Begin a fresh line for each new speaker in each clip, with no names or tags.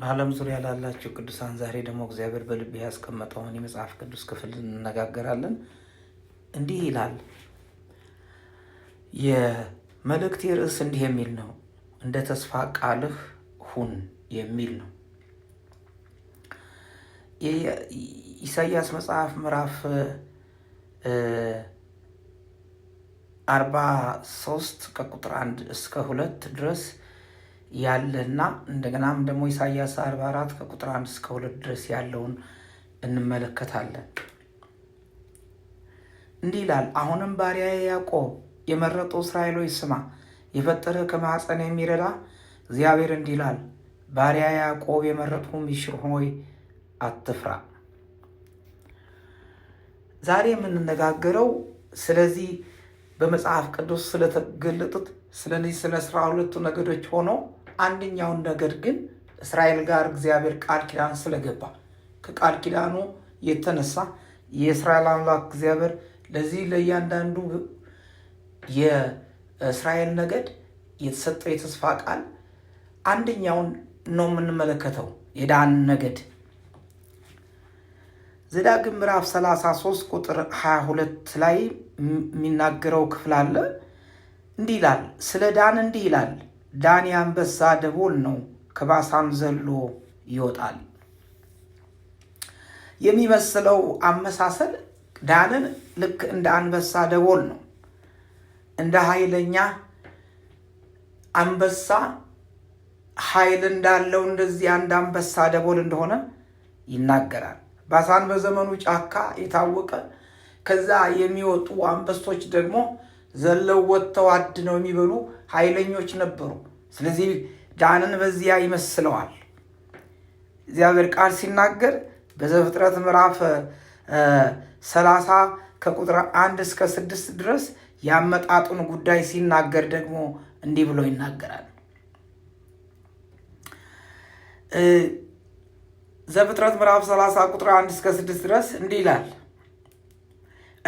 በዓለም ዙሪያ ላላችሁ ቅዱሳን ዛሬ ደግሞ እግዚአብሔር በልቤ ያስቀመጠውን የመጽሐፍ ቅዱስ ክፍል እንነጋገራለን። እንዲህ ይላል። የመልእክቴ ርዕስ እንዲህ የሚል ነው፣ እንደ ተስፋ ቃልህ ሁን የሚል ነው። የኢሳይያስ መጽሐፍ ምዕራፍ አርባ ሶስት ከቁጥር አንድ እስከ ሁለት ድረስ ያለና እንደገናም ደግሞ ኢሳያስ 44 ከቁጥር 1 እስከ 2 ድረስ ያለውን እንመለከታለን። እንዲህ ይላል፣ አሁንም ባሪያዬ ያዕቆብ የመረጠው እስራኤሎች ስማ፣ የፈጠረ ከማኅፀን የሚረዳ እግዚአብሔር እንዲህ ይላል፣ ባሪያ ያዕቆብ የመረጠው ሚስር ሆይ አትፍራ። ዛሬ የምንነጋገረው ስለዚህ በመጽሐፍ ቅዱስ ስለተገለጡት ስለዚህ ስለ አስራ ሁለቱ ነገዶች ሆነው። አንደኛውን ነገር ግን እስራኤል ጋር እግዚአብሔር ቃል ኪዳን ስለገባ ከቃል ኪዳኑ የተነሳ የእስራኤል አምላክ እግዚአብሔር ለዚህ ለእያንዳንዱ የእስራኤል ነገድ የተሰጠው የተስፋ ቃል አንደኛውን ነው የምንመለከተው፣ የዳን ነገድ ዘዳግም ምዕራፍ 33 ቁጥር 22 ላይ የሚናገረው ክፍል አለ። እንዲህ ይላል፣ ስለ ዳን እንዲህ ይላል ዳን የአንበሳ ደቦል ነው፣ ከባሳን ዘሎ ይወጣል። የሚመስለው አመሳሰል ዳንን ልክ እንደ አንበሳ ደቦል ነው። እንደ ኃይለኛ አንበሳ ኃይል እንዳለው እንደዚህ አንድ አንበሳ ደቦል እንደሆነ ይናገራል። ባሳን በዘመኑ ጫካ የታወቀ ከዛ የሚወጡ አንበሶች ደግሞ ዘለው ወጥተው አድነው የሚበሉ ኃይለኞች ነበሩ። ስለዚህ ዳንን በዚያ ይመስለዋል። እግዚአብሔር ቃል ሲናገር በዘፍጥረት ምዕራፍ 30 ከቁጥር አንድ እስከ ስድስት ድረስ ያመጣጡን ጉዳይ ሲናገር ደግሞ እንዲህ ብሎ ይናገራል። ዘፍጥረት ምዕራፍ 30 ቁጥር 1 እስከ 6 ድረስ እንዲህ ይላል።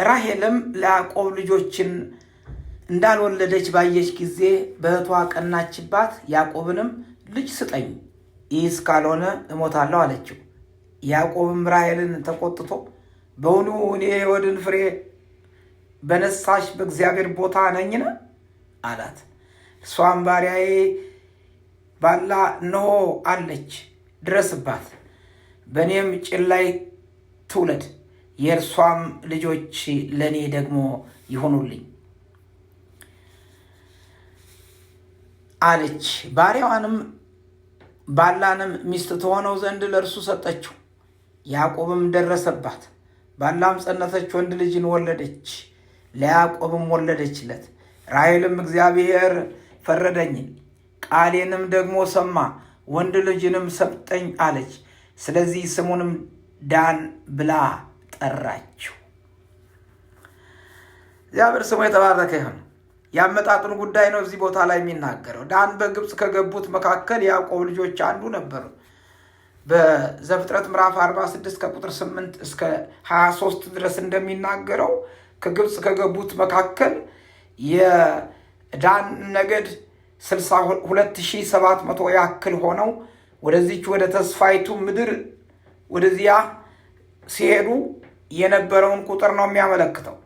ራሄልም ለያዕቆብ ልጆችን እንዳልወለደች ባየች ጊዜ በእህቷ ቀናችባት። ያዕቆብንም ልጅ ስጠኝ፣ ይህስ ካልሆነ እሞታለሁ አለችው። ያዕቆብም ራሔልን ተቆጥቶ በውኑ እኔ የወድን ፍሬ በነሳሽ በእግዚአብሔር ቦታ ነኝን? አላት። እሷም ባሪያዬ ባላ እነሆ አለች፣ ድረስባት፣ በእኔም ጭን ላይ ትውለድ፣ የእርሷም ልጆች ለእኔ ደግሞ ይሆኑልኝ አለች። ባሪያዋንም ባላንም ሚስት ትሆነው ዘንድ ለእርሱ ሰጠችው። ያዕቆብም ደረሰባት። ባላም ጸነሰች፣ ወንድ ልጅን ወለደች፣ ለያዕቆብም ወለደችለት። ራሔልም እግዚአብሔር ፈረደኝ፣ ቃሌንም ደግሞ ሰማ፣ ወንድ ልጅንም ሰጠኝ አለች። ስለዚህ ስሙንም ዳን ብላ ጠራችው። እግዚአብሔር ስሙ የተባረከ ይሁን። የአመጣጥን ጉዳይ ነው እዚህ ቦታ ላይ የሚናገረው። ዳን በግብፅ ከገቡት መካከል ያዕቆብ ልጆች አንዱ ነበሩ። በዘፍጥረት ምዕራፍ 46 ከቁጥር 8 እስከ 23 ድረስ እንደሚናገረው ከግብፅ ከገቡት መካከል የዳን ነገድ 62700 ያክል ሆነው ወደዚች ወደ ተስፋይቱ ምድር ወደዚያ ሲሄዱ የነበረውን ቁጥር ነው የሚያመለክተው።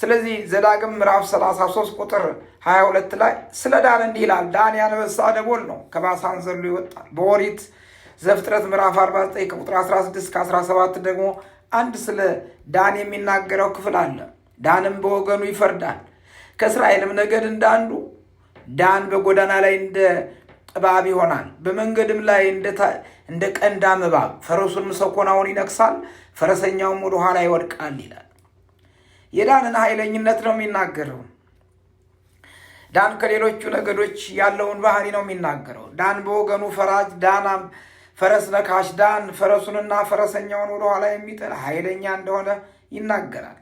ስለዚህ ዘዳግም ምዕራፍ 33 ቁጥር 22 ላይ ስለ ዳን እንዲህ ይላል፣ ዳን ያንበሳ ደቦል ነው፣ ከባሳን ዘሎ ይወጣል። በኦሪት ዘፍጥረት ምዕራፍ 49 ከቁጥር 16 17 ደግሞ አንድ ስለ ዳን የሚናገረው ክፍል አለ። ዳንም በወገኑ ይፈርዳል፣ ከእስራኤልም ነገድ እንዳንዱ ዳን በጎዳና ላይ እንደ እባብ ይሆናል፣ በመንገድም ላይ እንደ ቀንዳም እባብ። ፈረሱን ሰኮናውን ይነክሳል፣ ፈረሰኛውም ወደኋላ ይወድቃል ይላል። የዳንን ኃይለኝነት ነው የሚናገረው። ዳን ከሌሎቹ ነገዶች ያለውን ባህሪ ነው የሚናገረው። ዳን በወገኑ ፈራጅ፣ ዳን ፈረስ ነካሽ፣ ዳን ፈረሱንና ፈረሰኛውን ወደኋላ የሚጥል ኃይለኛ እንደሆነ ይናገራል።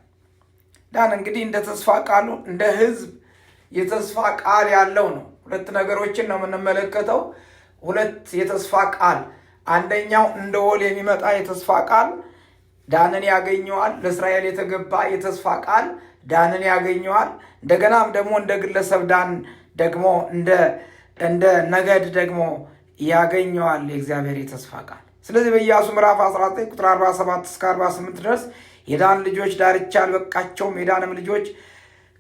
ዳን እንግዲህ እንደ ተስፋ ቃሉ እንደ ህዝብ የተስፋ ቃል ያለው ነው። ሁለት ነገሮችን ነው የምንመለከተው። ሁለት የተስፋ ቃል አንደኛው እንደ ወል የሚመጣ የተስፋ ቃል ዳንን ያገኘዋል። ለእስራኤል የተገባ የተስፋ ቃል ዳንን ያገኘዋል። እንደገናም ደግሞ እንደ ግለሰብ ዳን ደግሞ እንደ ነገድ ደግሞ ያገኘዋል የእግዚአብሔር የተስፋ ቃል። ስለዚህ በኢያሱ ምዕራፍ 19 ቁጥር 47 እስከ 48 ድረስ የዳን ልጆች ዳርቻ አልበቃቸውም፣ የዳንም ልጆች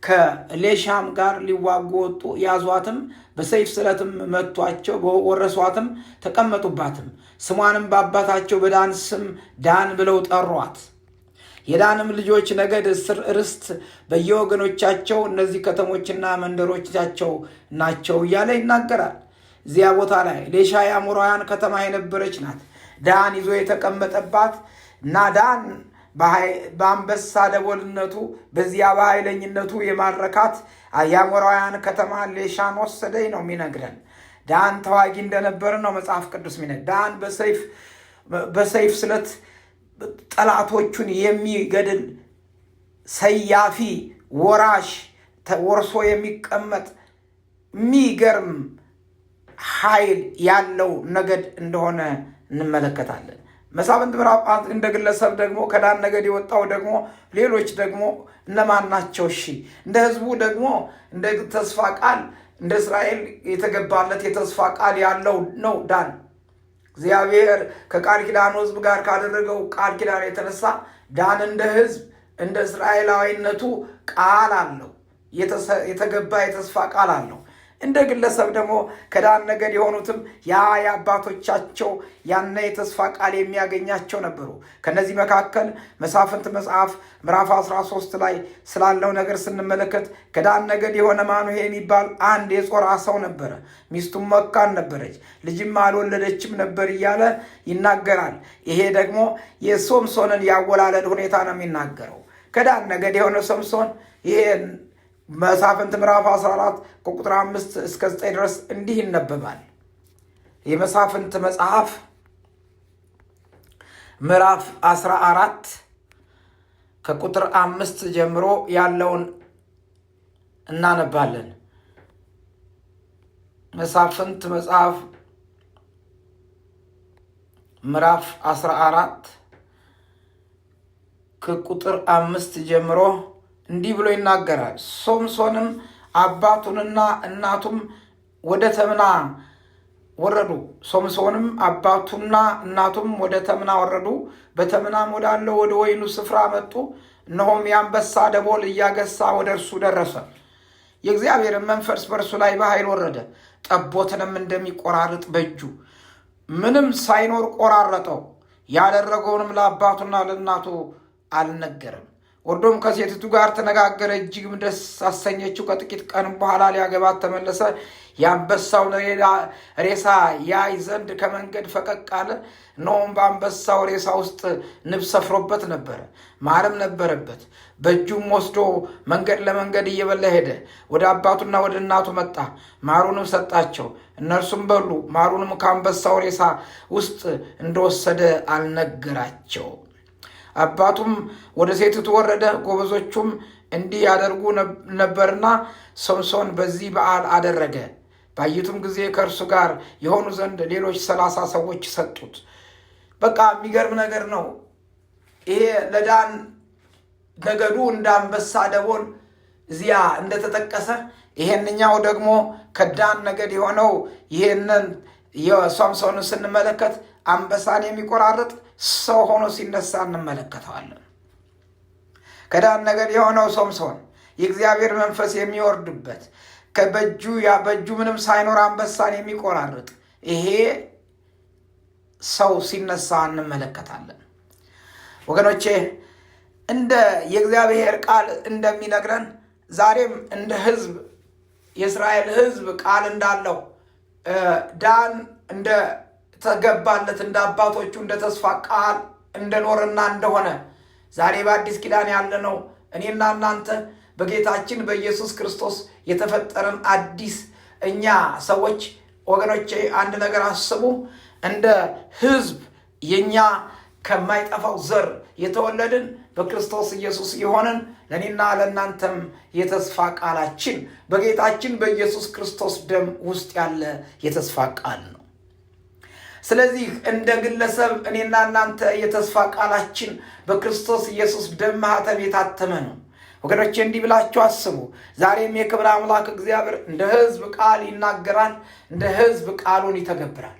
ከሌሻም ጋር ሊዋጉ ወጡ። ያዟትም፣ በሰይፍ ስለትም መቷቸው፣ ወረሷትም፣ ተቀመጡባትም። ስሟንም በአባታቸው በዳን ስም ዳን ብለው ጠሯት። የዳንም ልጆች ነገድ ርስት በየወገኖቻቸው እነዚህ ከተሞችና መንደሮቻቸው ናቸው እያለ ይናገራል። እዚያ ቦታ ላይ ሌሻ የአሞራውያን ከተማ የነበረች ናት። ዳን ይዞ የተቀመጠባት እና ዳን በአንበሳ ደቦልነቱ በዚያ በኃይለኝነቱ የማረካት የአሞራውያን ከተማ ሌሻን ወሰደኝ ነው የሚነግረን። ዳን ተዋጊ እንደነበር ነው መጽሐፍ ቅዱስ ሚነ ዳን በሰይፍ ስለት ጠላቶቹን የሚገድል ሰያፊ ወራሽ ወርሶ የሚቀመጥ የሚገርም ኃይል ያለው ነገድ እንደሆነ እንመለከታለን። መሳፍንት ምዕራፍ አንድ እንደ ግለሰብ ደግሞ ከዳን ነገድ የወጣው ደግሞ ሌሎች ደግሞ እነማን ናቸው? እሺ እንደ ህዝቡ ደግሞ እንደ ተስፋ ቃል እንደ እስራኤል የተገባለት የተስፋ ቃል ያለው ነው ዳን። እግዚአብሔር ከቃል ኪዳኑ ህዝብ ጋር ካደረገው ቃል ኪዳን የተነሳ ዳን እንደ ህዝብ እንደ እስራኤላዊነቱ ቃል አለው የተገባ የተስፋ ቃል አለው። እንደ ግለሰብ ደግሞ ከዳን ነገድ የሆኑትም ያ የአባቶቻቸው ያነ የተስፋ ቃል የሚያገኛቸው ነበሩ። ከነዚህ መካከል መሳፍንት መጽሐፍ ምዕራፍ 13 ላይ ስላለው ነገር ስንመለከት ከዳን ነገድ የሆነ ማኑሄ የሚባል አንድ የጾራ ሰው ነበረ። ሚስቱም መካን ነበረች፣ ልጅም አልወለደችም ነበር እያለ ይናገራል። ይሄ ደግሞ የሶምሶንን ያወላለድ ሁኔታ ነው የሚናገረው። ከዳን ነገድ የሆነ ሶምሶን ይሄን መሳፍንት ምዕራፍ 14 ከቁጥር 5 እስከ 9 ድረስ እንዲህ ይነበባል። የመሳፍንት መጽሐፍ ምዕራፍ 14 ከቁጥር አምስት ጀምሮ ያለውን እናነባለን። መሳፍንት መጽሐፍ ምዕራፍ 14 ከቁጥር አምስት ጀምሮ እንዲህ ብሎ ይናገራል። ሶምሶንም አባቱንና እናቱም ወደ ተምና ወረዱ። ሶምሶንም አባቱና እናቱም ወደ ተምና ወረዱ። በተምናም ወዳለው ወደ ወይኑ ስፍራ መጡ። እነሆም የአንበሳ ደቦል እያገሳ ወደ እርሱ ደረሰ። የእግዚአብሔርን መንፈስ በእርሱ ላይ በኃይል ወረደ። ጠቦትንም እንደሚቆራርጥ በእጁ ምንም ሳይኖር ቆራረጠው። ያደረገውንም ለአባቱና ለእናቱ አልነገርም። ወርዶም ከሴትቱ ጋር ተነጋገረ፣ እጅግም ደስ አሰኘችው። ከጥቂት ቀንም በኋላ ሊያገባት ተመለሰ። የአንበሳውን ሬሳ ያይ ዘንድ ከመንገድ ፈቀቅ አለ። እነሆም በአንበሳው ሬሳ ውስጥ ንብ ሰፍሮበት ነበረ፣ ማርም ነበረበት። በእጁም ወስዶ መንገድ ለመንገድ እየበላ ሄደ። ወደ አባቱና ወደ እናቱ መጣ፣ ማሩንም ሰጣቸው። እነርሱም በሉ። ማሩንም ከአንበሳው ሬሳ ውስጥ እንደወሰደ አልነገራቸው። አባቱም ወደ ሴቲቱ ወረደ፣ ጎበዞቹም እንዲህ ያደርጉ ነበርና ሶምሶን በዚህ በዓል አደረገ። ባዩትም ጊዜ ከእርሱ ጋር የሆኑ ዘንድ ሌሎች ሰላሳ ሰዎች ሰጡት። በቃ የሚገርም ነገር ነው። ይሄ ለዳን ነገዱ እንደ አንበሳ ደቦል እዚያ እንደተጠቀሰ፣ ይሄንኛው ደግሞ ከዳን ነገድ የሆነው ይሄንን የሶምሶንን ስንመለከት አንበሳን የሚቆራርጥ ሰው ሆኖ ሲነሳ እንመለከተዋለን። ከዳን ነገር የሆነው ሶምሶን የእግዚአብሔር መንፈስ የሚወርድበት ከበጁ ያ በእጁ ምንም ሳይኖር አንበሳን የሚቆራርጥ ይሄ ሰው ሲነሳ እንመለከታለን። ወገኖቼ እንደ የእግዚአብሔር ቃል እንደሚነግረን ዛሬም እንደ ሕዝብ የእስራኤል ሕዝብ ቃል እንዳለው ዳን እንደ ተገባለት እንደ አባቶቹ እንደ ተስፋ ቃል እንደኖረና እንደሆነ ዛሬ በአዲስ ኪዳን ያለ ነው። እኔና እናንተ በጌታችን በኢየሱስ ክርስቶስ የተፈጠረን አዲስ እኛ ሰዎች ወገኖቼ፣ አንድ ነገር አስቡ። እንደ ሕዝብ የእኛ ከማይጠፋው ዘር የተወለድን በክርስቶስ ኢየሱስ የሆንን ለእኔና ለእናንተም የተስፋ ቃላችን በጌታችን በኢየሱስ ክርስቶስ ደም ውስጥ ያለ የተስፋ ቃል ነው። ስለዚህ እንደ ግለሰብ እኔና እናንተ የተስፋ ቃላችን በክርስቶስ ኢየሱስ ደም ማኅተም የታተመ ነው። ወገኖቼ እንዲህ ብላችሁ አስቡ። ዛሬም የክብር አምላክ እግዚአብሔር እንደ ሕዝብ ቃል ይናገራል፣ እንደ ሕዝብ ቃሉን ይተገብራል።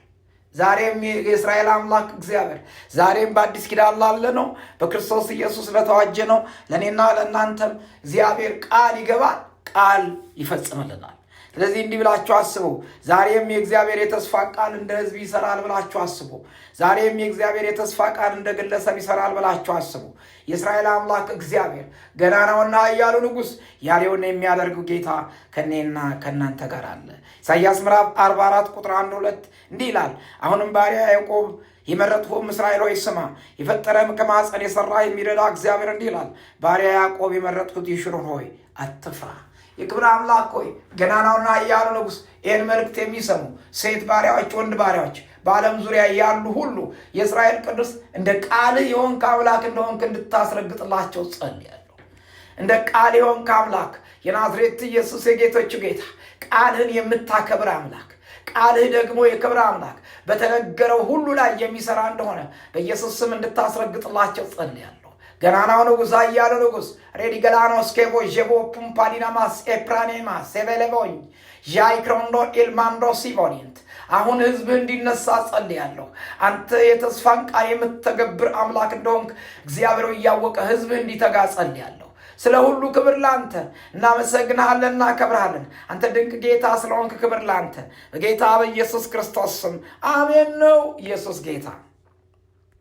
ዛሬም የእስራኤል አምላክ እግዚአብሔር ዛሬም በአዲስ ኪዳን ላለ ነው፣ በክርስቶስ ኢየሱስ ለተዋጀ ነው። ለእኔና ለእናንተም እግዚአብሔር ቃል ይገባል፣ ቃል ይፈጽምልናል። ስለዚህ እንዲህ ብላችሁ አስቡ። ዛሬም የእግዚአብሔር የተስፋ ቃል እንደ ህዝብ ይሰራል ብላችሁ አስቡ። ዛሬም የእግዚአብሔር የተስፋ ቃል እንደ ግለሰብ ይሰራል ብላችሁ አስቡ። የእስራኤል አምላክ እግዚአብሔር ገና ነውና እያሉ ንጉሥ ያሌውን የሚያደርግ ጌታ ከኔና ከእናንተ ጋር አለ። ኢሳያስ ምዕራፍ 44 ቁጥር 1 2 እንዲህ ይላል። አሁንም ባሪያ ያዕቆብ የመረጥሁም እስራኤል ሆይ ስማ፣ የፈጠረም ከማኅፀን የሠራ የሚረዳ እግዚአብሔር እንዲህ ይላል፣ ባሪያ ያዕቆብ የመረጥሁት ይሽሩ ሆይ አትፍራ የክብር አምላክ ሆይ ገናናውና እያሉ ንጉሥ ይህን መልእክት የሚሰሙ ሴት ባሪያዎች፣ ወንድ ባሪያዎች በዓለም ዙሪያ ያሉ ሁሉ የእስራኤል ቅዱስ እንደ ቃል የሆንክ አምላክ እንደሆንክ እንድታስረግጥላቸው ጸልያለሁ። እንደ ቃል የሆንክ አምላክ የናዝሬት ኢየሱስ የጌቶች ጌታ ቃልህን የምታከብር አምላክ ቃልህ ደግሞ የክብር አምላክ በተነገረው ሁሉ ላይ የሚሰራ እንደሆነ በኢየሱስ ስም እንድታስረግጥላቸው ጸልያለሁ። ገናናው ንጉስ አያሉ ሬዲ ሬዲገላኖስ ኬቦ ዤቦ ፑምፓሊናማስ ኤፕራኔማ ሴቬሌቦኝ ያይክሮንዶ ኢልማንዶ ሲቦኒንት አሁን ህዝብ እንዲነሳ ጸልያለሁ። አንተ የተስፋን ቃል የምትተገብር አምላክ እንደሆንክ እግዚአብሔር እያወቀ ህዝብ እንዲተጋ ጸልያለሁ። ስለ ሁሉ ክብር ላንተ እናመሰግናሃለን፣ እናከብርሃለን። አንተ ድንቅ ጌታ ስለሆንክ ክብር ላንተ በጌታ በኢየሱስ ክርስቶስ ስም አሜን። ነው ኢየሱስ ጌታ